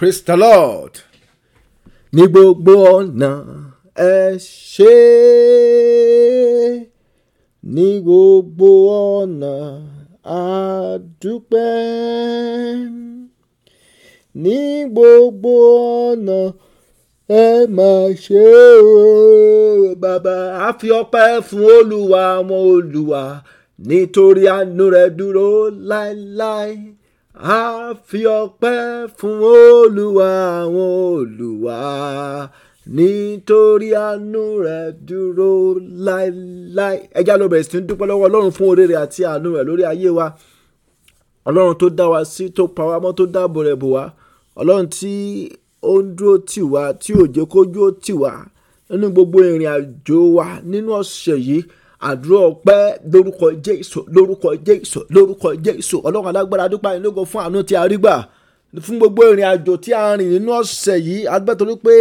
Praise the Lord. Ní gbogbo ọ̀nà ẹ ṣé. Ní gbogbo ọ̀nà a dúpẹ́. Ní gbogbo ọ̀nà ẹ máa ṣe o bàbá. A fi ọpẹ́ fún Olúwa àwọn Olúwa nítorí àánú rẹ̀ dúró láéláé a fi ọpẹ́ fún olúwa àwọn olúwa nítorí àánú rẹ̀ dúró láéláé ẹjá ló bẹ̀rẹ̀ sí ń dúpẹ́ lọ́wọ́ ọlọ́run fún oore rẹ̀ àti àánú rẹ̀ lórí ayé wa ọlọ́run tó dá wa sí tó pa wá mọ́ tó dáàbò rẹ̀ bò wá ọlọ́run tí ó ń dúró tì wá tí òjò kójú ó tì wá nínú gbogbo ìrìn àjò wa nínú ọ̀sẹ̀ yìí àdúrà ọpẹ́ lórúkọ jésù lórúkọ jésù lórúkọ jésù ọlọ́run alágbára dúpẹ́ àyínlógún fún àánú tí a rí gbà fún gbogbo ìrìn àjò tí a rìn nínú ọ̀sẹ̀ yìí agbẹ́tọ̀rọ̀ pé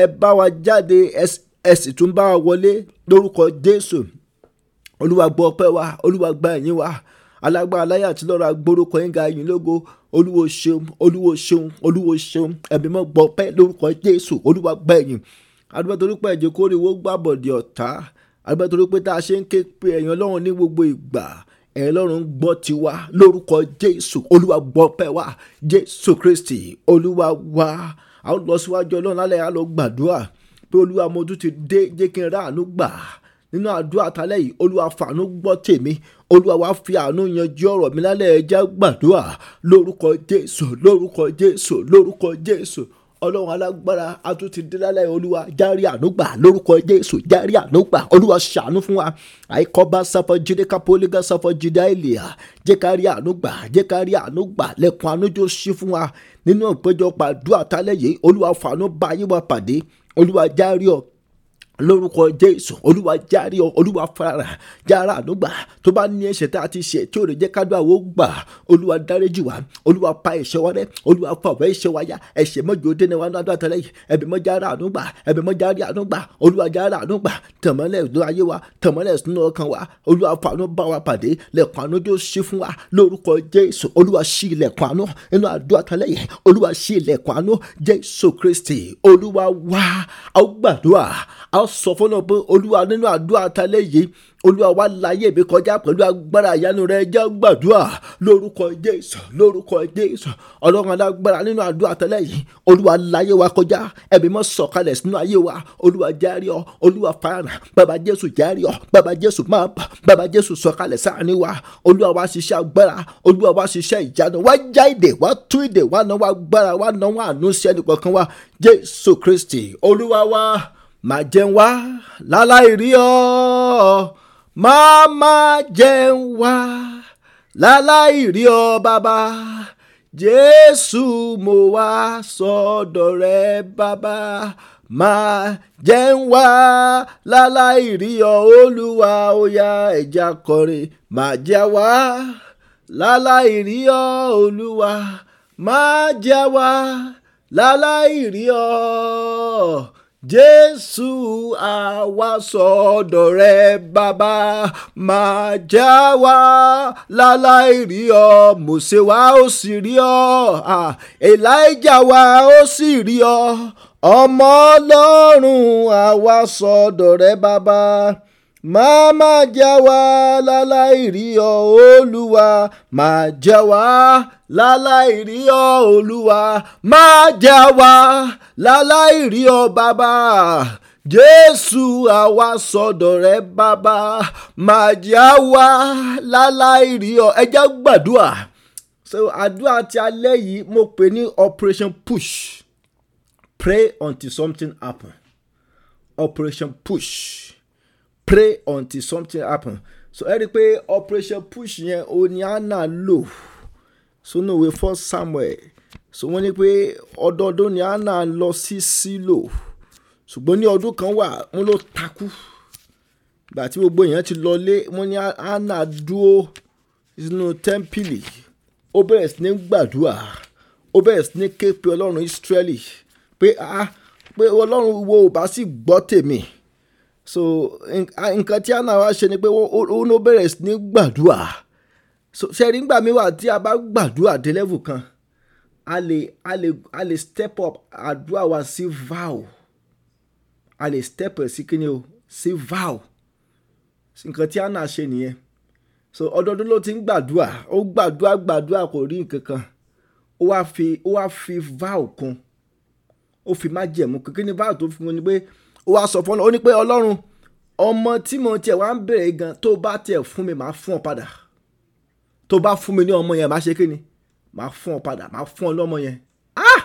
ẹ bá wa jáde ẹ sì tún bá wa wọlé lórúkọ jésù olúwa gbọ́ ọpẹ́ wa olúwa gba ẹ̀yìn wa alágbára láyà tí lọ́ra gbórúkọ yín ga yín lógo olúwo ṣeun olúwo ṣeun olúwo ṣeun ẹ̀mí mọ́ gbọ́ ọpẹ́ lórúkọ jésù olúwa gba ẹ̀yìn adúgbò pé ẹ̀jẹ̀ kórìíwó gbàbọ̀dì ọ̀tá àgbẹ̀ torí pé tá a ṣe ń ké pe ẹ̀yin ọlọ́run ní gbogbo ìgbà ẹ̀yin ọlọ́run gbọ́ tiwa lórúkọ jésù olúwa gbọ́ pẹ́ wa jésù kristi olúwa wa a ó lọ síwájú ọlọ́run lálẹ́ a lọ gbàdúrà pé olúwa mo tún ti dé jẹ́ kí n rà àánú gbà nínú àdúrà tálẹ̀ yìí olúwa fàánú gbọ́ tèmi olúwa wá fi àánú yanjú ọ̀rọ̀ mi lálẹ́ ẹja gbàdúrà lórúkọ jésù lórúkọ jésù lórúkọ jésù ọlọ́run alágbára a tún ti dé lálẹ́ olúwa járí ànúgbà lórúkọ jésù járí ànúgbà olúwa ṣàánú fún wa àìkọ́bá sáfọ́ jíde kápólígà sáfọ́ jíde àìlèyà jẹ́kárí ànúgbà jẹ́kárí ànúgbà lẹ́kùn ànújó sí fún wa nínú ìpéjọpọ̀ àdúrà tálẹ̀ yìí olúwa fàánú bá yín pàdé olúwa járí ọ̀k lórúkọ jésù olúwa járe ọ olúwa farahàn jára àdúgbà tó bá ní ẹ̀ṣẹ̀ tá a ti ṣe tí ò lè jẹ́ kádùn àwọn gbà olúwa dáríjì wá olúwa pa ẹ̀ṣẹ̀ wa rẹ́ olúwa fa ọ̀fẹ́ ẹ̀ṣẹ̀ wa ya ẹ̀ṣẹ̀ mọ́jọ dẹ́nẹ̀ wa lọ́dọ̀ àtàlẹ́yìn ẹ̀bẹ̀ mọ́ jára àdúgbà ẹ̀bẹ̀ mọ́ járe àdúgbà olúwa jára àdúgbà tẹ̀mọ́lẹ̀ ìlú ayé wa tẹ̀mọ́lẹ̀ sínú ọkàn wa olúwa fàánú bá wa pàdé lẹ̀kùn àánú tó ṣí fún wa lórúkọ jésù olúwa ṣí ilẹ̀kùn àánú inú àdúrà tàlẹ́yìn olúwa ṣí ilẹ̀kùn àánú jésù kristi sọ fọlọ́ pé olúwa nínú àdúrà talẹ́ yìí olúwa wá láyé mi kọjá pẹ̀lú agbára ìyanu rẹ jẹ́ gbàdúrà lórúkọ jésù lórúkọ jésù ọlọ́run alágbára nínú àdúrà tẹ́lẹ̀ yìí olúwa láyé wa kọjá ẹ̀mí mọ́ sọ̀kalẹ̀ sínú ayé wa olúwa járe ọ olúwa fàánà bàbá jésù járe ọ bàbá jésù máa bà bàbá jésù sọ̀kalẹ̀ sáàní wa olúwa wá ṣiṣẹ́ agbára olúwa wa ṣiṣẹ́ ìjánu wa já ìdè wa tú ìdè wa náwó agbára wá náwó àánú sí ẹnì kọ̀ọ̀kan wa jésù kristi olúwa wa má jẹ́ ń wá láláì rí ọ má má jẹ́ ń wá láláì rí ọ bàbá jésù mo wá sọ́dọ̀ rẹ bàbá má jẹ́ ń wá láláì rí ọ olúwa óyá ẹ̀já kọrin má jẹ́ wá láláì rí ọ olúwa má jẹ́ wá láláì rí ọ jésù àwa sọ́dọ̀ rẹ bàbá máa já wa láláì rí ọ mòṣe wa ó sì rí ọ èlíjà wa ó sì rí ọ ọmọ ọlọ́run àwa rẹ bàbá máa má já wa láláì rí ọ olúwa máa já wa láláì rí ọ olúwa máa já wa láláì rí ọ bàbá jésù àwa sọ́dọ̀ rẹ bàbá máa já wa láláì rí ọ ẹ jẹ́ so àdúrà tí alẹ́ yìí mo pè ní operation push pray until something happen operation push pray until something happen so ẹ rí i pé operation push yẹn o ní anna lò sínú ìwé first samuel so wọ́n ní pé ọdọọdún ní anna lọ sí sílò ṣùgbọ́n ní ọdún kan wà wọ́n ló takú gbà tí gbogbo èèyàn ti lọlé wọ́n ní anna dúró sínú tẹ́ḿpìlì ó bẹ̀rẹ̀ sí ní gbàdúrà ó bẹ̀rẹ̀ sí ní ké pe ọlọ́run ìsírẹ́lì pé ah pé ọlọ́run wo ò bá sì gbọ́ tèmi so nǹkan tí hannah wá ṣe ni pé ó ló bẹ̀rẹ̀ ní gbàdúrà so ṣẹ́rí ńgbà mi wà tí a bá gbàdúrà dé level kan a lè a lè a lè step up àdúrà wa sí vow a lè step up sí kíni o sí vow nǹkan tí hannah ṣe nìyẹn so ọdọọdún ló ti ń gbàdúrà ó gbàdúrà gbàdúrà kò rí nǹkan kan ó wá fi ó wá fi vow kún ó fi májẹ̀mú kí ni vow tó fún un ni pé ó wá sọ fún ọ ní pé ọlọ́run ọmọ tí mo tiẹ̀ wá ń bèrè gan tó bá tiẹ̀ fún mi màá fún ọ padà tó bá fún mi ní ọmọ yẹn màá ṣe kí ni màá fún ọ padà màá fún ọ lọ́mọ yẹn ah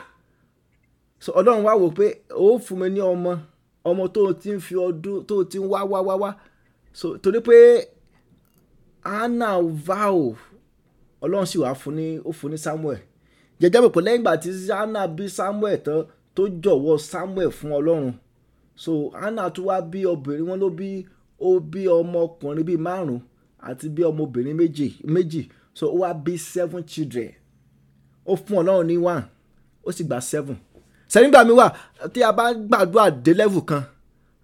so ọlọ́run wá wò pé ó fún mi ní ọmọ ọmọ tó o ti ń fi ọdún tó o ti ń wá wá wá wá so torí pé anna vow ọlọ́run sì wá fún ní ó fún ní samuel jẹjẹrẹ pé lẹ́yìn ìgbà tí anna bí samuel tán tó jọ̀wọ́ samuel fún ọlọ́run so anna tún wá bí obìnrin wọn ló bí ó bí ọmọkùnrin bíi márùn àti bí ọmọbìnrin méjì méjì so ó wá bí seven children ó fún ọlọ́run ní one ó sì gba seven sẹ́nìgbà mi wà tí a bá gbàdúrà dé level kan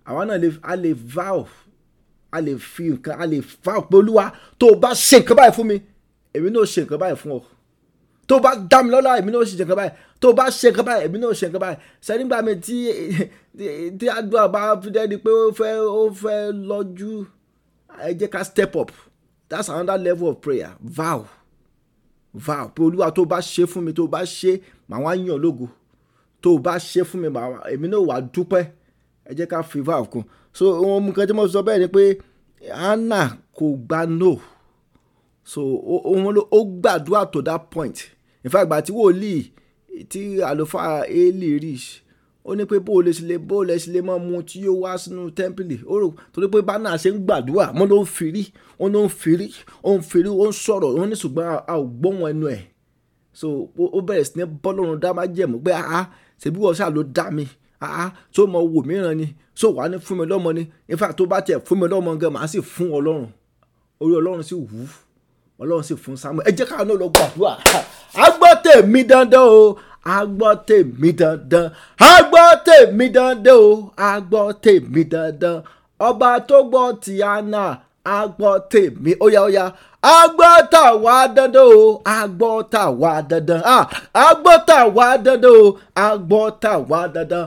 àwa náà a lè vow a lè fi nǹkan a lè vow pé olúwa tó o bá ṣe nǹkan báyìí fún mi èmi náà ṣe nǹkan báyìí fún ọ tó bá dá mi lọ́la èmi náà ó sì ṣe nǹkan báyìí tó bá ṣe nǹkan báyìí èmi náà ó ṣe nǹkan báyìí sẹ́nìgbà mi tí tí àdúrà bá fi dẹ́ni pé ó fẹ́ ó fẹ́ lọ́jú ẹ jẹ́ ká step up that's another level of prayer vow vow pé olúwa tó bá ṣe fún mi tó bá ṣe màá wá yàn lógo tó bá ṣe fún mi màá èmi náà wà dúpẹ́ ẹ jẹ́ ká fi vow kún so ohun um, kan tí mo sọ bẹ́ẹ̀ ni pé Hannah kò gba no so òun ló ó gbàdúrà to that point in fact gbà tí wòlíì tí àlùfáà eli rich ó ní pé bóòlù sílé bóòlù sílé mọ́ mu tí yóò wá sínú tẹ́ḿpìlì ó rò torí pé bá náà ṣe ń gbàdúrà wọ́n ló ń firi wọ́n ló ń firi ó ń firi ó ń sọ̀rọ̀ wọ́n ní ṣùgbọ́n a ò gbóhùn ẹnu ẹ̀ so ó bẹ̀rẹ̀ sí ní bọ́lọ́run dá máa jẹ̀mú pé àá ṣèbí wọ́n ṣáà ló dá mi àá tó mọ wò mìíràn ni so wàá ní fún mi lọ́mọ ni in fact tó bá tiẹ̀ fún mi lọ́mọ gan màá sì fún Ọlọ́run orí Ọlọ́run sì wù ú ọlọ́run sì fún Samuel ẹ jẹ́ ká náà lọ gbàdúrà a gbọ́ tèmi dandan o a gbọ́ tèmi dandan a gbọ́ tèmi dandan o a gbọ́ tèmi dandan ọba tó gbọ́ ti Hánà a gbọ́ tèmi óyá óyá a gbọ́ tàwa dandan o a tàwa dandan a gbọ́ tàwa dandan o a tàwa dandan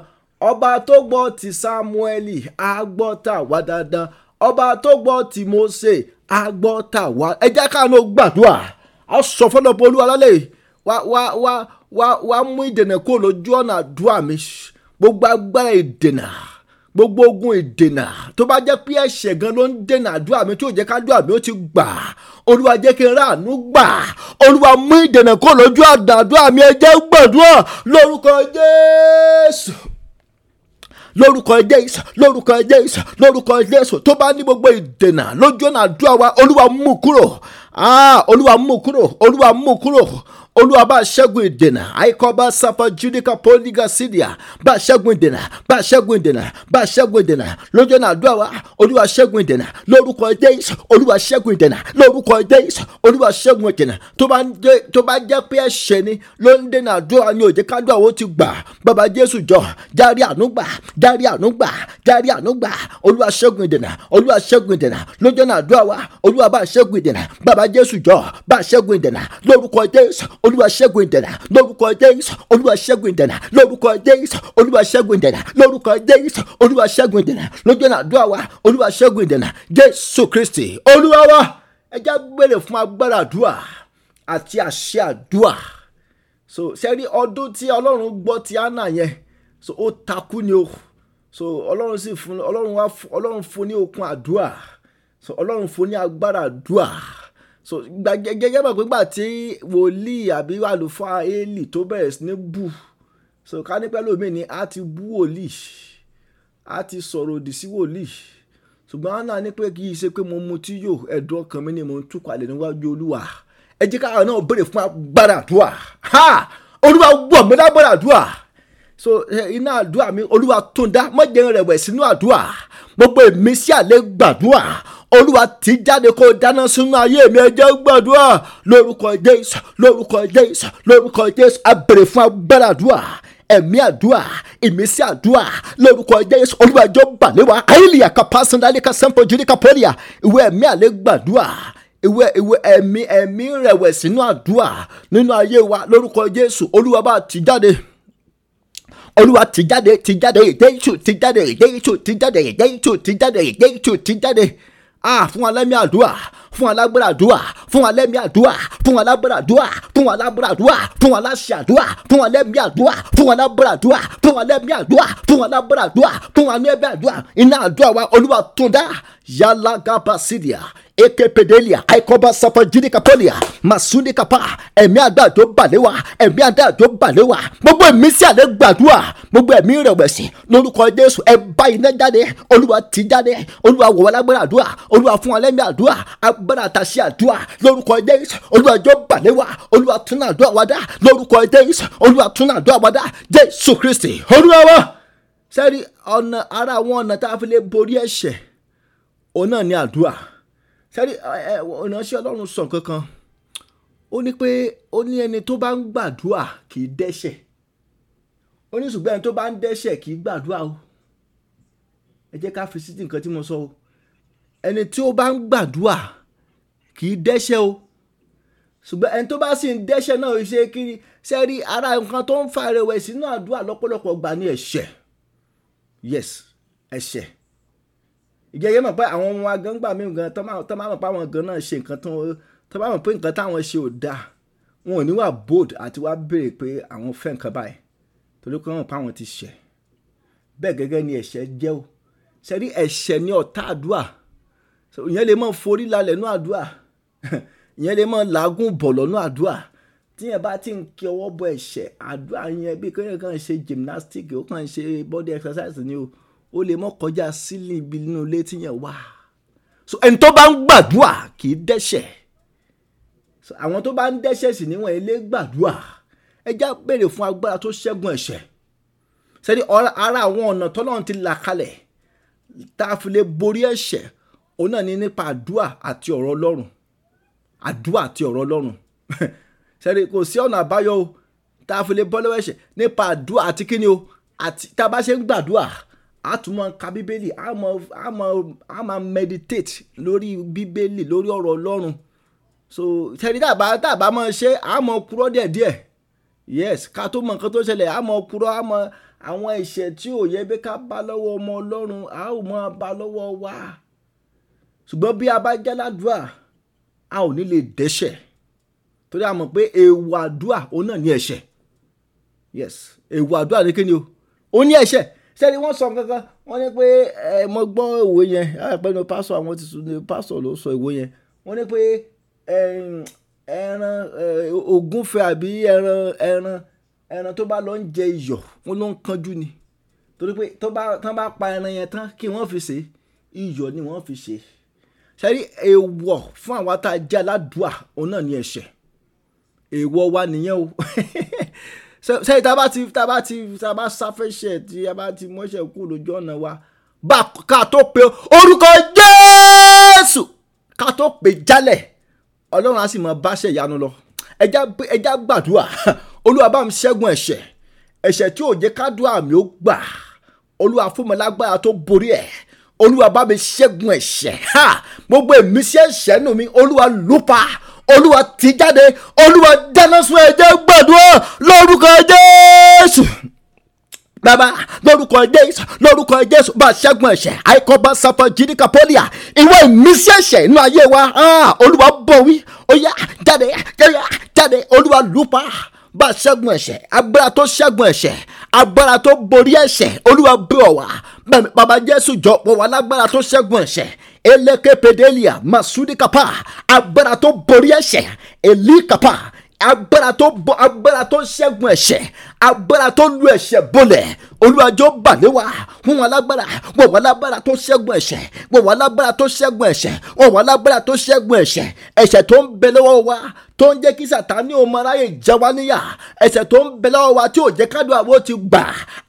ọba tó gbọ́ ti Samuel a tàwa dandan ọba tó gbọ́ ti Mósè agbọ́ tà wá ẹjẹ́ káàánú gbàdúrà a sọ wa wa wa wa wa mú ìdènà lójú ọ̀nà mi gbogbo agbára ìdènà gbogbo ogun ìdènà tó bá jẹ́ pé ẹ̀ṣẹ̀ gan ló ń dènà àdúrà mi tí ò jẹ́ mi ó ti gbà olúwa jẹ́ kí n rà gbà olúwa mú ìdènà mi ẹ jẹ́ gbàdúrà lórúkọ lórúkọ jésù lórúkọ jésù lórúkọ jésù tó bá ní gbogbo ìdènà lójú ọ̀nà àdúrà wa olúwa mú kúrò ah olúwa mú kúrò olúwa mú kúrò olúwa bá ṣẹ́gun ìdènà àìkọ́ bá sáfà judika polygasidia bá ṣẹ́gun ìdènà bá ṣẹ́gun ìdènà bá ṣẹ́gun ìdènà lójú ọ̀nà àdúrà wa olúwa ṣẹ́gun ìdènà lórúkọ jésù olúwa ṣẹ́gun ìdènà lórúkọ jésù olúwa ṣẹ́gun ìdènà tó bá jẹ́ pé ẹ̀ṣẹ̀ ni ló ń dènà àdúrà ni òjì kádùn àwọn ti gbà bàbá jésù jọ járí ànúgbà járí ànúgbà járí ànúgbà olúwa ṣẹ́gun ìdènà olúwa ṣẹ́gun ìdènà lójú ọ̀nà àdúrà wa olúwa bá ṣẹ́gun ìdènà bàbá jésù jọ bá ṣẹ́gun ìdènà lórúkọ jésù olúwa ṣẹ́gun ìdẹ̀nà lórúkọ jésù olúwa ṣẹ́gun ìdẹ̀nà lórúkọ jésù olúwa ṣẹ́gun ìdẹ̀nà lórúkọ jésù olúwa ṣẹ́gun ìdẹ̀nà lójú ọ̀nà àdúrà wa olúwa ṣẹ́gun ìdẹ̀nà jésù kristi olúwa wa ẹ já gbére fún agbára àdúrà àti àṣẹ àdúrà so sẹ́rí ọdún tí ọlọ́run gbọ́ ti anna yẹn so ó takú ni o so ọlọ́run sì fún ọlọ́run wa ọlọ́run fún ní okun àdúrà so ọlọ́run fún ní agbára àdúrà so gẹ́gẹ́ bá gbégbà tí wòlíì àbí àlùfáà Élì tó bẹ̀rẹ̀ sí ní bù so ká ní pẹ́lú mi ni a ti bú wòlíì a ti sọ̀rọ̀ òdì sí wòlíì ṣùgbọ́n àná ní pé kì í ṣe pé mo mutí yò ẹ̀dùn ọkàn mi ni mo ń túkalẹ̀ níwájú olúwa ẹ jẹ́ káwọn náà béèrè fún agbára àdúrà olúwa wọ̀ mí lágbára àdúrà so iná àdúrà mi olúwa tó ń dá mọ́jẹ̀rin rẹ̀ wẹ̀ sínú àdúrà gbogbo èmi sí àlẹ́ gbàdúrà olúwa ti jáde kó dáná sínú ayé mi ẹ jẹ́ gbàdúrà lórúkọ jésù lórúkọ jésù lórúkọ jésù a béèrè fún agbára àdúrà ẹ̀mí àdúrà ìmísí àdúrà lórúkọ jésù olúwàjọ bàlẹ́wà káyìlìyà kápá sandalika sẹ́ńpọ̀ jìríkà pọ́lìyà ìwé ẹ̀mí àlẹ́ gbàdúrà ìwé ìwé ẹ̀mí ẹ̀mí rẹ̀wẹ̀sì nínú àdúrà nínú ayé wa lórúkọ jésù olúwa bá ti jáde olúwa ti jáde ti jáde ìdẹ́yìtù ti jáde ìdẹ́yìtù ti jáde ìdẹ́yìtù ti jáde ìdẹ́yìtù ti jáde a fún alẹ́mí àdúrà fún alágbára àdúrà fún alẹ́mí àdúrà fún alágbára àdúrà fún alágbára àdúrà fún aláṣẹ àdúrà fún alẹ́mí àdúrà fún alágbára àdúrà fún alẹ́mí àdúrà fún alágbára àdúrà fún alẹ́mí àdúrà iná àdúrà wa olúwa tó dáa yalagabasidia ekepedelia aikoba safajini kapolia masuni kapa ẹ̀mí àdáàjọ balewa ẹ̀mí àdáàjọ balewa gbogbo ẹ̀mí sí àlẹ gbàdúrà gbogbo ẹ̀mí rẹ̀wẹ̀sì lórúkọ Jésù ẹ bá iná jáde Olúwa ti jáde Olúwa wọwọ lágbára àdúrà Olúwa fún alẹ mi àdúrà agbára àtàṣe àdúrà lórúkọ Jésù Olúwa jọ balewa Olúwa tún àdúrà wada, lórúkọ Jésù Olúwa tún àdúrà wada. Jésù Kristi Olúwa wa sẹ́rí ọ̀nà ara àwọn ọ̀nà tá a fi lè borí ẹ̀ṣẹ̀ òun náà ní àdúrà sẹ́rí ìránṣẹ́ ọlọ́run sọ kankan ó ní pé ó ní ẹni tó bá ń gbàdúrà kì í dẹ́ṣẹ̀ ó ní ṣùgbọ́n ẹni tó bá ń dẹ́ṣẹ̀ kì í gbàdúrà o ẹ jẹ́ ká fi sídìí nǹkan tí mo sọ o ẹni tí ó bá ń gbàdúrà kì í dẹ́ṣẹ̀ o ṣùgbọ́n ẹni tó bá sì ń dẹ́ṣẹ̀ náà ò ṣe kiri sẹ́rí ara nǹkan tó ń fa ìrẹ̀wẹ̀sì náà àdúrà lọ́pọ̀lọpọ̀ gbà ní ẹ̀ṣẹ̀ yes ẹ̀ṣẹ̀ ìjẹyẹ mọ̀ pé àwọn ọmọ wa gan gbà mí gan tọ́ máa mọ̀ pé àwọn gan náà ṣe nǹkan tó tọ́ bá mọ̀ pé nǹkan táwọn ṣe ò dáa wọn ò ní wà bold àti wá béèrè pé àwọn fẹ́ nǹkan báyìí torí pé wọ́n mọ̀ pé àwọn ti ṣẹ̀ bẹ́ẹ̀ gẹ́gẹ́ ni ẹ̀ṣẹ̀ jẹ́ o ṣe rí ẹ̀ṣẹ̀ ní ọ̀tá àdúà ìyẹn lè mọ̀ forí lálẹ́ nú àdúà ìyẹn lè mọ̀ làágùn bọ̀ lọ́nú àdúà tíyẹn bá ti ń kí ọwọ́ bọ ẹ̀ṣẹ̀ àdúà yẹn bí kéèyàn kàn ṣe gymnastics ó kàn ṣe body exercise ni o ó lè mọ́ kọjá sílẹ̀ ibi inú ilé tíyẹn wà so ẹni tó bá ń gbàdúrà kì í dẹ́ṣẹ̀ so àwọn tó bá ń dẹ́ṣẹ̀ sì níwọ̀n ilé gbàdúrà ẹ já béèrè fún agbára tó ṣẹ́gun ẹ̀ṣẹ̀ sẹ́ni ara àwọn ọ̀nà tọ́lọ́run ti là kalẹ̀ tá a fi lè borí ẹ̀ṣẹ̀ òun náà ni nípa àdúrà àti ọ̀rọ̀ ọlọ́run àdúrà àti ọ̀rọ̀ ọlọ́run sẹ́ni kò sí ọ̀nà àbáyọ o tá a fi lè bọ́ lọ́wọ́ ẹ̀ṣẹ̀ nípa àdúrà àti kíni o àti tá a bá ṣe ń gbàdúrà a tún máa ka bíbélì a máa a máa a máa meditate lórí bíbélì lórí ọ̀rọ̀ ọlọ́run so tẹ̀lé tàbá tàbá máa ṣe a máa kúrọ́ díẹ̀díẹ̀ yes ká tó mọ nǹkan tó ṣẹlẹ̀ a máa kúrọ́ a máa àwọn ẹ̀ṣẹ̀ tí ò yẹ bí ká bá lọ́wọ́ ọmọ ọlọ́run a ò máa bá lọ́wọ́ wa ṣùgbọ́n bí a bá jẹ́ ládùúà a ò ní lè dẹ́ṣẹ̀ torí a mọ̀ pé èèwọ̀ àdúà òun náà ní ẹ̀ṣẹ̀ yes èèwọ̀ àdúà ní kíni o ó ní ẹ̀ṣẹ̀ ṣẹ́ni wọ́n sọ kankan wọ́n ní pé ẹ mo gbọ́ ìwé yẹn àpẹnu pásọ àwọn ti sùn ní pásọ ló sọ ìwé yẹn wọ́n ní pé ẹran ògúnfẹ̀ àbí ẹran ẹran ẹran tó bá lọ ń jẹ iyọ̀ wọ́n ló ń kanjú ni torí pé tó bá tán bá pa ẹran yẹn tán kí wọ́n fi ṣe iyọ̀ ni wọ́n fi ṣe ṣẹ́ni èèwọ̀ fún àwa tá a jẹ́ aládùá òun náà ní ẹ̀ṣẹ̀ èèwọ̀ wa nìyẹn o ṣe tá a bá ti tá a bá ti tá a bá sáfẹ́ṣẹ̀ tí a bá ti mọ́ṣẹ̀ kú lójú ọ̀nà wa bá ká tó pe orúkọ Jésù ká tó pe jálẹ̀ Ọlọ́run á sì mọ báṣẹ̀ ìyanu lọ ẹja gbàdúrà Olúwa bá mi ṣẹ́gun ẹ̀ṣẹ̀ ẹ̀ṣẹ̀ tí ò jẹ́ kádùá mi ó gbà Olúwa fún tó borí ẹ̀ Olúwa bá mi ṣẹ́gun ẹ̀ṣẹ̀ gbogbo èmi sí ẹ̀ṣẹ̀ mi Olúwa lùpa olúwa ti jáde olúwa dáná sun ẹ̀jẹ̀ gbàdúrà lórúkọ jésù bàbá lórúkọ jésù lórúkọ jésù bá ṣẹ́gun ẹ̀ṣẹ̀ àìkọ́bá sáfà jìdíkà pọ́líà ìwọ ìmísí ẹ̀ṣẹ̀ inú ayé wa ah, olúwa bọ̀ wí ó yá jáde yá jáde olúwa lùpà bá ṣẹ́gun ẹ̀ṣẹ̀ agbára tó ṣẹ́gun ẹ̀ṣẹ̀ agbára tó borí ẹ̀ṣẹ̀ olúwa bẹ̀ wá bàbá jésù jọ̀pọ̀ wá lágbára tó ṣẹ́gun ẹ̀ṣẹ̀ eleke pedelia masudi kapa agbára tó borí ẹ̀ṣẹ̀ eli kapa agbára tó bọ agbára tó ṣẹ́gun ẹ̀ṣẹ̀ agbára tó lu ẹ̀ṣẹ̀ bolẹ̀ olùwàjò balẹ̀ wa wọn wà lágbára wọn wà lágbára tó ṣẹ́gun ẹ̀ṣẹ̀ wọn wà lágbára tó ṣẹ́gun ẹ̀ṣẹ̀ wọn wà lágbára tó ṣẹ́gun ẹ̀ṣẹ̀ ẹ̀ṣẹ̀ tó ń bẹ lọ́wọ́ wa tó ń jẹ́ kí sàtáni ò mọ aráyè jẹ wá níyà ẹ̀ṣẹ̀ tó ń bẹ lọ́wọ́ wa tí ò jẹ́ kádùn àwọn ti gbà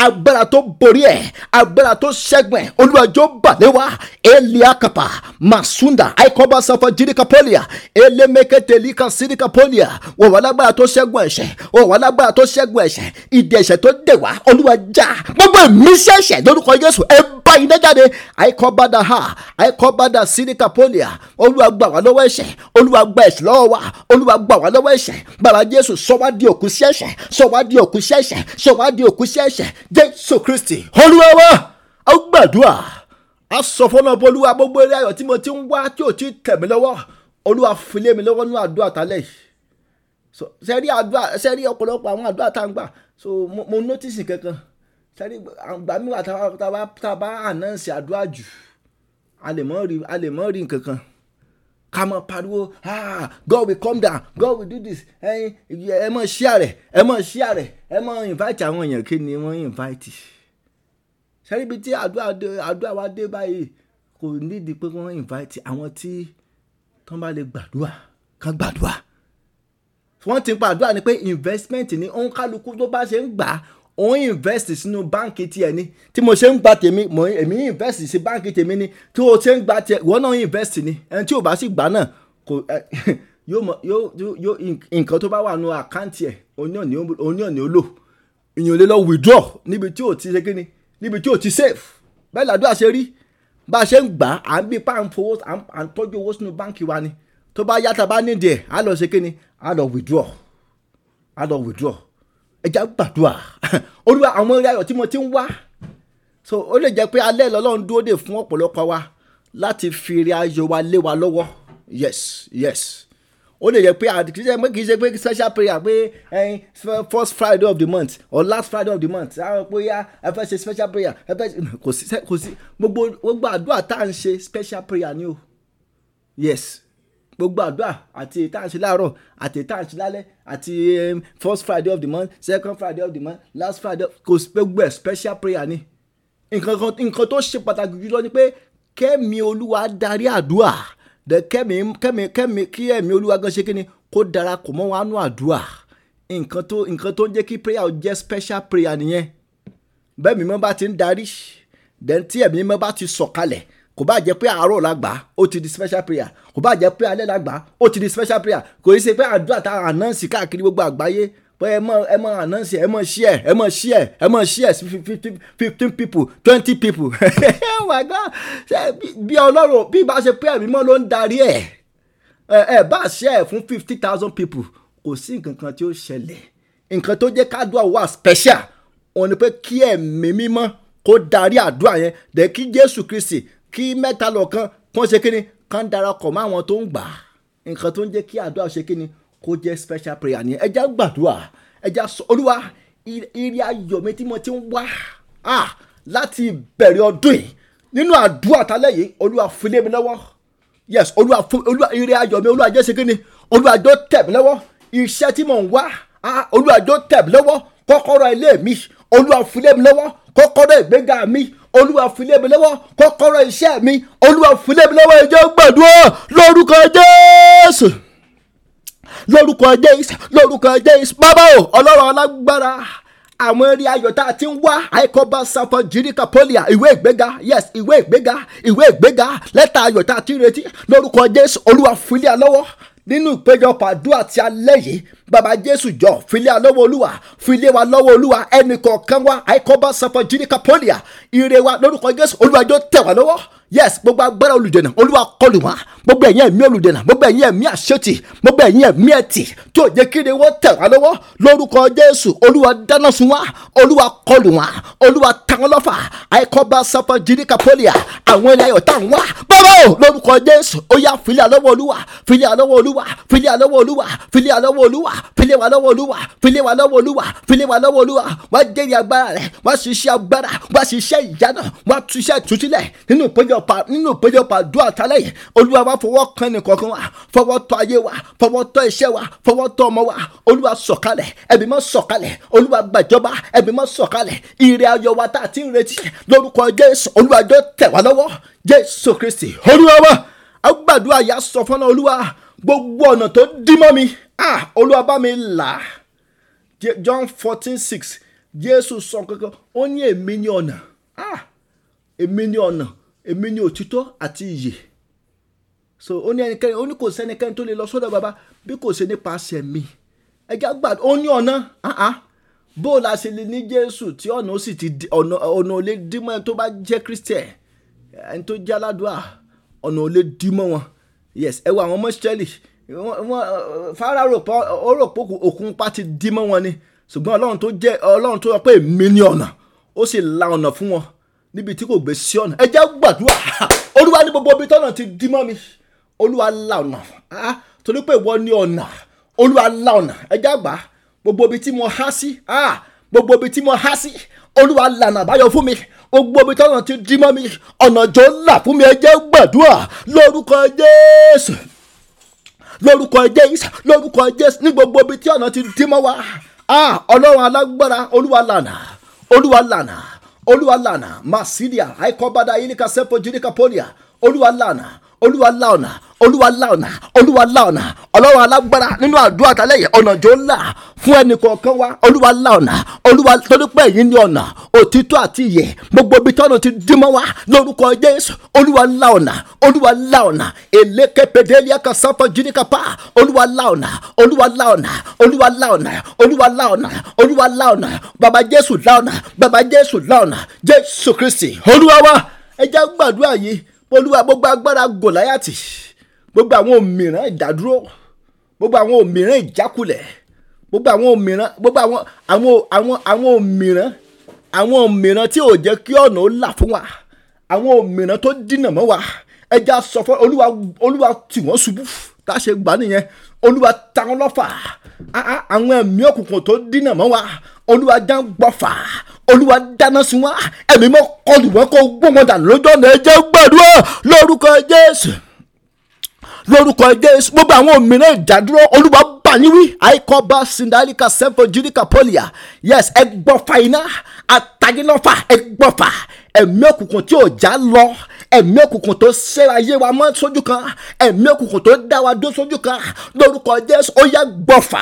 agbára tó borí ẹ̀ agbára tó ṣẹ́gun ẹ̀ olùwàjò balẹ̀ wa eliakapa masunda àìkọ́bá sanfọ jirika pọ́lìà elemeketeli kan sirika pọ́lìà wọ̀ wá lágbára tó ṣẹ́gun ẹ̀ṣẹ̀ wọ̀ wá lágbára tó ṣẹ́gun ẹ̀ṣẹ̀ ìdí ẹ̀ṣẹ̀ tó dè olùwàjà gbogbo ìmísẹ̀ṣẹ̀ lórúkọ Jésù fa iná jáde àìkọ́bádà ha àìkọ́bádà síríkàpọ́lìà olúwa gbà wá lọ́wọ́ ẹ̀ṣẹ̀ olúwa gbà ẹ̀ṣẹ̀ lọ́wọ́ wa olúwa gbà wá lọ́wọ́ ẹ̀ṣẹ̀ bàbá jésù sọ wá di òkú sí ẹ̀ṣẹ̀ sọ wá di òkú sí ẹ̀ṣẹ̀ sọ wá di òkú sí ẹ̀ṣẹ̀ jésù kristi olúwa wa ó gbàdúrà a sọ fọlọ́ bolúwa gbogbo eré ayọ̀ tí mo ti ń wá tí ò ti tẹ̀ mí lọ́wọ́ olúwa filé mi lọ́wọ́ nínú àdúrà tálẹ̀ so mo, mo notice sẹ́ni àgbà mi wà tá a bá ànáǹsì àdúrà jù a lè mọ́ rí nǹkan kan ká mọ pariwo ah God will come down God will do this ẹyin ẹ mọ ṣíà rẹ ẹ mọ ṣíà rẹ ẹ mọ invite àwọn èèyàn kí ni wọ́n invite sẹ́ni ibi tí àdúrà wa dé báyìí kò nídìí pé wọ́n invite àwọn tí tán bá lè gbàdúrà kán gbàdúrà wọ́n ti ń ni pé investment ni òun kálukú tó bá ṣe ń gbà òun invest sínú báǹkì tiẹ̀ ni tí mo ṣe ń gba tèmi mo èmi invest sí báǹkì tèmi ni tí o ṣe ń gba tiẹ̀ wọ́n náà invest ni ẹni tí o bá sì gbà náà kò yóò mọ yóò yóò nǹkan tó bá wà nù àkáǹtì ẹ̀ oníyàn ni ó lò ìyàn lè lọ withdraw níbi tí o ti ṣe kíni níbi tí o ti save bẹ́ẹ̀ làdúrà ṣe rí bá a ṣe ń gbà á ń bí pound fowó à ń tọ́jú owó sínú báǹkì wa ni tó bá yá bá nídìí ẹ̀ á lọ ṣe kíni á lọ withdraw á lọ withdraw ẹja gbàdúrà olúwa àwọn eré ayọ̀ tí mo ti ń wá so ó lè jẹ́ pé alẹ́ lọ́lọ́run dúró dè fún ọ̀pọ̀lọpọ̀ wa láti fi eré ayọ̀ wa lé wa lọ́wọ́ yes yes ó lè jẹ́ pé kì í pé kì í ṣe pé special prayer pé first friday of the month or last friday of the month àwọn pé ya ẹ fẹ́ ṣe special prayer ẹ fẹ́ kò sí kò sí gbogbo gbogbo àdúrà tá à ń ṣe special prayer ni o yes gbogbo àdúrà àti èyí tá à ń ṣe láàárọ̀ àti èyí tá à ń ṣe lálẹ́ àti first friday of the month second friday of the month last friday kò gbogbo ẹ̀ special prayer ni nǹkan tó ṣe pàtàkì jùlọ ni pé kẹ́mi olúwa darí àdúrà kẹ́mi kẹ́mi kẹ́mi kí ẹ̀mí olúwa gan ṣe kí ni kó darapọ̀ mọ́ wánú àdúrà nǹkan tó nǹkan tó ń jẹ́ kí prayer jẹ́ special prayer nìyẹn bẹ́ẹ̀ mi mọ́ bá ti ń darí then tí ẹ̀mí mọ́ bá ti sọ̀kalẹ̀ kò bá jẹ́ pé àárọ̀ la gbà ó ti di special prayer kò bá jẹ́ pé alẹ́ la gbà ó ti di special prayer kò í ṣe pé àdúrà tá a ànáǹsì káàkiri gbogbo àgbáyé pé ẹ mọ ẹ mọ ànáǹsì ẹ mọ ṣíẹ ẹ mọ ṣíẹ ẹ mọ ṣíẹ fifteen people twenty people wàá oh gbà bí ọlọ́run bí bá ṣe pé ẹ̀mí mọ́ ló ń darí ẹ̀ ẹ bá ṣíẹ fún fifty thousand people kò sí nǹkan kan tí ó ṣẹlẹ̀ nǹkan tó jẹ́ kádùá wà special òun ni pé kí ẹ̀mí mímọ́ kó darí àdúrà yẹn dẹ̀ kí Jésù Kristi kí mẹ́ta kan kán ṣe kíni kán darapọ̀ mọ́ àwọn tó ń gbà nǹkan tó ń jẹ́ kí àdúrà ṣe kíni kó jẹ́ special prayer ni ẹja gbàdúrà ẹja sọ olúwa ìrì ayọ̀ mi tí mo ti ń wá láti ìbẹ̀rẹ̀ ọdún yìí nínú àdúrà tálẹ̀ yìí olúwa fìlé mi lọ́wọ́ yes olúwa fún olúwa ìrì ayọ̀ mi olúwa jẹ́ ṣe kíni olúwa jọ tẹ̀ mí lọ́wọ́ iṣẹ́ tí mò ń wá olúwa jọ tẹ̀ mí lọ́wọ́ kọ́kọ́rọ́ ilé mi olúwa fìlé mi lọ́wọ́ kọ́kọ́rọ́ ìgbéga mi olúwa fi lé mi lọ́wọ́ kọ́kọ́rọ́ iṣẹ́ mi olúwa fi lé mi lọ́wọ́ ẹ jẹ́ gbàdúrà lórúkọ jésù lórúkọ jésù lórúkọ jésù bàbá o ọlọ́run alágbára àwọn eré ayọ̀ tá a ti ń wá àìkọ́bá sanfọ jìríkà pọ́lìà ìwé ìgbéga yes ìwé ìgbéga ìwé ìgbéga lẹ́tà ayọ̀ tá a ti ń retí lórúkọ jésù olúwa fìlíà lọ́wọ́ nínú ìpéjọpọ̀ àdúrà ti alẹ́ yìí Baba jésù jọ filé wa lọ́wọ́ olúwa filé wa lọ́wọ́ olúwa ẹnì kọ̀ọ̀kan wa àìkọ́bá sanfọ jírika pọ́lìà ire wa lórúkọ jésù olúwa jọ tẹ̀ wá lọ́wọ́ yes gbogbo agbára olùdènà olúwa kọlù wá gbogbo ẹ̀yin ẹ̀mí olùdènà gbogbo ẹ̀yin ẹ̀mí àṣetì gbogbo ẹ̀yin ẹ̀mí ẹ̀tì tí òjé kiri wọ́n tẹ̀ wá lọ́wọ́ lórúkọ jésù olúwa dáná sun wá olúwa kọlù wá olúwa tàwọn lọ́fà àìkọ́bá sanfọ jírika pọ́lìà àwọn ilé ayọ̀ táwọn wá bàbá lórúkọ jésù ó yá filé alọ́wọ́ olúwa filé alọ́wọ́ olúwa filé alọ́wọ́ olúwa filé alọ́wọ́ olúwa filé wa lọ́wọ́ olúwa filé wa lọ́wọ́ olúwa filé wa lọ́wọ́ olúwa wá jẹ́rìí agbára rẹ̀ wá ṣiṣẹ́ agbára wá ṣiṣẹ́ ìyanu wá túṣẹ́ ìtúsílẹ̀ nínú ìpéjọpọ̀ nínú ìpéjọpọ̀ àdúrà tálẹ̀ yìí olúwa wá fọwọ́ kan nìkọ̀ọ̀kan wa fọwọ́ tọ́ ayé wa fọwọ́ tọ́ iṣẹ́ wa fọwọ́ tọ́ ọmọ wa olúwa sọ̀kalẹ̀ ẹbí mọ́ sọ̀kalẹ̀ olúwa gbàjọba ẹbí mọ́ sọ̀kalẹ̀ ire ayọ̀ wa tá ti ń retí lórúkọ jésù olúwa jọ tẹ̀ wá lọ́wọ́ kristi olúwa wa agbàdúrà yà sọ fọ́nà olúwa gbogbo ọ̀nà tó dí ah olúwa bá mi là á john fourteen six jésù sọ kankan ó ní èmi ní ọ̀nà ah èmi ní ọ̀nà èmi ní òtítọ́ àti ìyè so ó ní ẹnikẹ́ni ó ní kò sẹ́nikẹ́ni tó lè lọ sọ́dọ̀ bàbá bí kò ṣe nípasẹ̀ mi ẹjẹ́ àgbà ó ní ọ̀nà ah, ah. bó la ṣe lè ní jésù tí ọ̀nà ó sì ti ọ̀nà ọ̀nà ò lè dímọ̀ ẹni tó bá jẹ́ kristiẹ̀ ẹni tó jẹ́ aládùá ọ̀nà ò lè dímọ̀ wọn yes ẹ wo àwọn ọmọ Fáráò ó rò pé òkun pa ti dí mọ́ wọn ni ṣùgbọ́n ọlọ́run tó jẹ́ ọlọ́run tó yọ pé èmi ni ọ̀nà ó sì la ọ̀nà fún wọn níbi tí kò gbé sí ọ̀nà ẹ jẹ́ gbàdúrà olúwa ní gbogbo ibi tọ́nà ti dí mọ́ mi olúwa la ọ̀nà torí pé ìwọ ni ọ̀nà olúwa la ọ̀nà ẹ jẹ́ àgbà gbogbo ibi tí mo há sí gbogbo ibi tí mo há sí olúwa lànà àbáyọ fún mi gbogbo ibi tọ́nà ti dí mọ́ mi ọ̀nà jọ là fún mi ẹ jẹ́ gbàdúrà lórúkọ jésù lórúkọ jésù lórúkọ jésù ní gbogbo ibi tí ọ̀nà ti dí mọ́ wa ọlọ́run alágbára olúwa lànà olúwa lànà olúwa lànà màsídìà àìkọ́bádà yìí ní ká sẹ́pọ̀ jìnnìkà pọ́nìyà olúwa lànà olúwa la ọ̀nà olúwa la ọ̀nà olúwa la ọ̀nà ọlọ́run alágbára nínú àdúrà tálẹ̀ yẹn ọ̀nà jò ńlá fún ẹnì kọ̀ọ̀kan wa olúwa la ọ̀nà olúwa torí pé èyí ni ọ̀nà òtítọ́ àti ìyè gbogbo ibi tọ́nà ti dímọ́ wa lórúkọ jésù olúwa la ọ̀nà olúwa la ọ̀nà èlékè pèdélíà kan sáfọ jìnnìkàpá olúwa la olúwa la olúwa la olúwa la olúwa la ọ̀nà jésù la ọ̀nà jésù la jésù kristi olúwa wa ẹ jẹ́ gbàdúrà yìí olúwa gbogbo agbára gòláyàtì gbogbo àwọn òmìrán ìdádúró gbogbo àwọn òmìrán ìjákulẹ̀ gbogbo àwọn òmìrán gbogbo àwọn àwọn àwọn àwọn òmìrán àwọn òmìrán tí ò jẹ́ kí ọ̀nà ó là fún wa àwọn òmìrán tó dínà mọ́ wa ẹja sọ fún olúwa olúwa tì wọ́n ṣubú tá a ṣe gbà nìyẹn olúwa ta wọn lọ́fà àwọn ẹ̀mí òkùnkùn tó dínà mọ́ wa olúwa já ń gbọ́fà olúwa dáná sun wọn ẹ̀mí mọ́ kọlù wọn kó gbó wọn dànù lójú ọ̀nà ẹ̀jẹ̀ gbàdúrà lórúkọ jésù lórúkọ jésù gbogbo àwọn òmìnira ìdádúró olúwa bá àìkọ́ba sindalika sẹ́fọ̀ judika polia yes ẹgbọ́fà iná àtàgínlọ́fà ẹgbọ́fà ẹ̀mí òkùnkùn tí ò já lọ ẹ̀mí òkùnkùn tó ṣẹ́ráyé wa mọ́ sójú kan ẹ̀mí òkùnkùn tó dá wa dó sójú kan lórúkọ jésù ó yá gbọ̀fà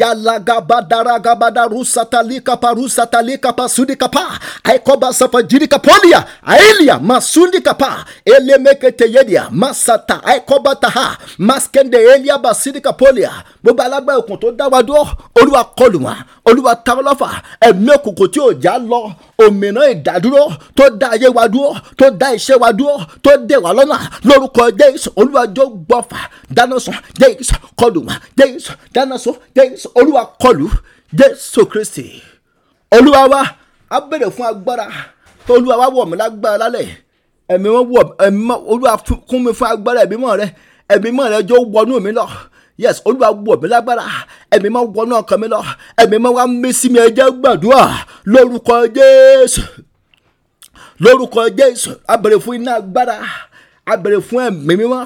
yálagabadara rusatalikapa rusatalikapa sudikapa àìkọ́ba sọ̀fọ̀ jirikapolia àìlíà masundikapa elemeketeyedia masata àìkọ́ba taha maskende eliaba sidikapolia gbogbo alágbá òkùn tó dá wa dó olúwa kọlù wọn olúwa tawọlọ́fà ẹ̀mí òkùnkùn tí ò já lọ òmìnira ìdádúró t tó dá ayé wa dúró tó dá iṣẹ́ wa dúró tó dẹ̀ wá lọ́nà lórúkọ jésù olúwàjọ gbọ́fà dáná sùn jésù kọlù wọn jésù dáná sùn jésù olúwa kọlù jésù kristi olúwa wa a bèrè fún agbára olúwa wa wọ̀ mí lágbára lálẹ́ ẹ̀mí wọn wọ̀ ẹ̀mí mọ́ olúwa kún mi fún agbára ẹ̀mí mọ́ rẹ ẹ̀mí mọ́ rẹ jọ wọnú mi lọ yes olúwa wọ̀ mí lágbára ẹ̀mí mọ́ wọnú ọkàn mi lọ ẹ̀mí mọ́ wa mí sí mi ẹ̀jẹ̀ gbàdúrà lórúkọ jésù lórúkọ jésù abèrè fún iná agbára abèrè fún ẹ̀mí mímọ́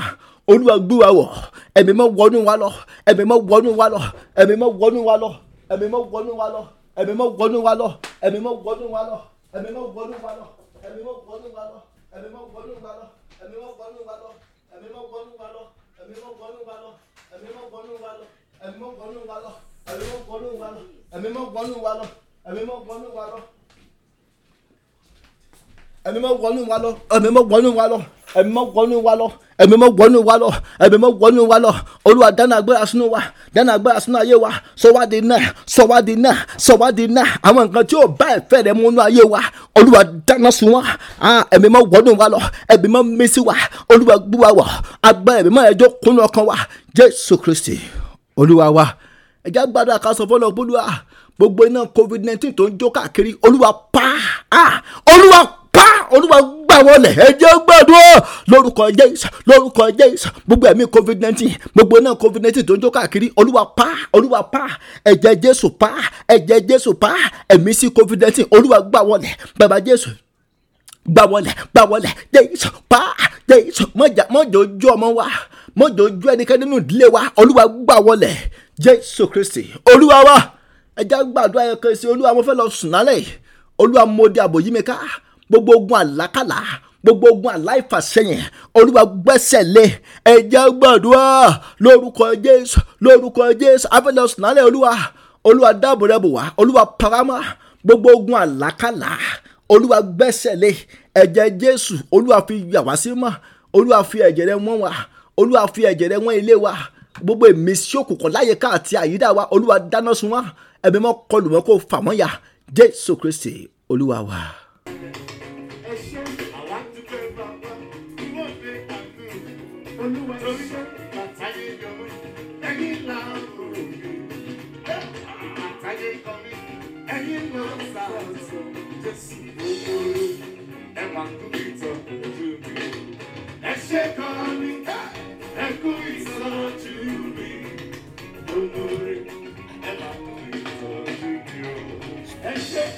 olúwa gbé wa wọ̀ ẹ̀mí mọ́ wọnú wa lọ ẹ̀mí mọ́ wọnú wa lọ ẹ̀mí mọ́ wọnú wa lọ ẹ̀mí mọ́ wọnú wa lọ ẹ̀mí mọ́ wọnú wa lọ ẹ̀mí mọ́ wọnú wa lọ ẹ̀mí mọ́ wọnú wa lọ ẹ̀mí mọ́ wọnú wa lọ ẹ̀mí mọ́ wọnú wa lọ ẹ̀mí mọ́ wọnú wa lọ ẹ̀mí mọ́ wọnú wa lọ ẹ̀mí mọ́ wọnú wa lọ ẹ̀mí mọ́ wọnú wa lọ ẹ̀mí mọ́ wọnú wa lọ ẹ̀mí mọ́ wọnú wa lọ ẹ̀mí mọ́ wọnú wa lọ ẹ̀mí mọ́ wọnú wa lọ ẹ̀mí mọ́ wọnú wa lọ ẹ̀mí mọ́ wọnú wa lọ ẹ̀mí mọ́ wọnú wa lọ ẹ̀mí mọ́ wọnú wa lọ ẹ̀mí mọ́ wọnú wa lọ olúwa dáná agbára sínú wa dáná agbára sínú ayé wa sọwádìí náà sọwádìí náà sọwádìí náà àwọn nǹkan tí yóò bá ìfẹ́ rẹ̀ múnú ayé wa olúwa dáná sun wa ẹ̀mí mọ́ wọnú wa lọ ẹ̀mí mọ́ mísí wa olúwa gbú wa wọ̀ agbára ẹ̀mí mọ́ ẹjọ́ kúnú ọkàn wa jésù kristi olúwa wa ẹ̀já gbàdúrà ká sọ fọlọ́ gbogbo iná covid nineteen tó ń jó káàkiri olúwa pa á olúwa olúwa gbà wọlé ẹjẹ́ gbàdúrà lórúkọ jésù lórúkọ jésù gbogbo ẹ̀mí covid nineteen gbogbo náà covid nineteen tó ń jó káàkiri olúwa pa olúwa pa ẹ̀jẹ̀ jésù pa ẹ̀jẹ̀ jésù pa ẹ̀mí sí covid nineteen olúwa gbà wọlé bàbá jésù gbà wọlé gbà wọlé jésù pa jésù mọ̀jà mọ̀jọ ojú ọmọ wa mọ̀jọ ojú ẹnikẹ́ni nínú ìdílé wa olúwa gbà wọlé jésù kristi olúwa wa ẹ̀jẹ̀ gbàdúrà ẹ̀kẹ́ sí olúwa mo fẹ́ lọ sùn lálẹ́ olúwa mo di àbòyí mi ká gbogbo ogun àlákàlà gbogbo ogun aláìfàsẹ́yìn olúwa gbẹ́sẹ̀ lé ẹ̀jẹ̀ gbàdúrà lórúkọ jésù lórúkọ jésù abẹ́lẹ̀ ọ̀sán lálẹ́ olúwa olúwa dáàbò rẹ̀ bò wá olúwa parama gbogbo ogun àlákàlà olúwa gbẹ́sẹ̀ lé ẹ̀jẹ̀ jésù olúwa fi yà wá sí mọ́ olúwa fi ẹ̀jẹ̀ rẹ̀ wọ́n wa olúwa fi ẹ̀jẹ̀ rẹ̀ wọ́n ilé wa gbogbo èmi sí òkùnkùn láyèká àti àyídà wa olúwa dáná sun wa ẹ̀mí mọ́ kọlù kó fà wọ́n ya jésù kristi olúwa wa.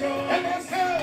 And us how